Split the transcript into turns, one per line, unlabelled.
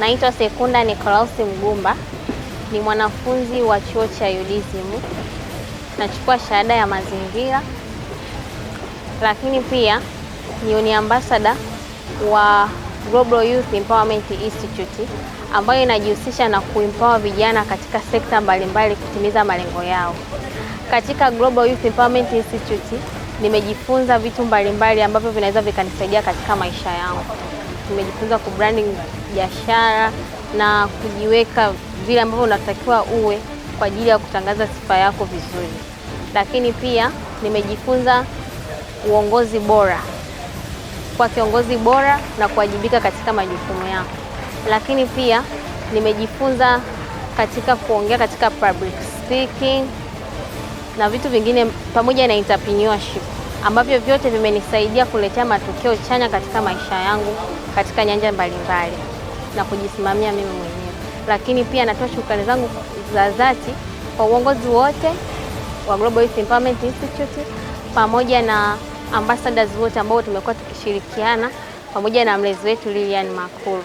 Naitwa Sekunda Nikolausi Mgumba, ni mwanafunzi wa chuo cha UDSM, nachukua shahada ya mazingira, lakini pia ni uni ambassador wa Global Youth Empowerment Institute ambayo inajihusisha na kuimpawa vijana katika sekta mbalimbali kutimiza malengo yao. Katika Global Youth Empowerment Institute nimejifunza vitu mbalimbali ambavyo vinaweza vikanisaidia katika maisha yangu tumejifunza branding biashara na kujiweka vile ambavyo unatakiwa uwe kwa ajili ya kutangaza sifa yako vizuri. Lakini pia nimejifunza uongozi bora, kwa kiongozi bora na kuwajibika katika majukumu yako. Lakini pia nimejifunza katika kuongea katika public speaking na vitu vingine pamoja na entrepreneurship ambavyo vyote vimenisaidia kuletea matokeo chanya katika maisha yangu katika nyanja mbalimbali na kujisimamia mimi mwenyewe. Lakini pia natoa shukrani zangu za dhati kwa uongozi wote wa Global Youth Empowerment Institute pamoja na ambassadors wote ambao tumekuwa tukishirikiana pamoja na mlezi wetu Lilian Makulu.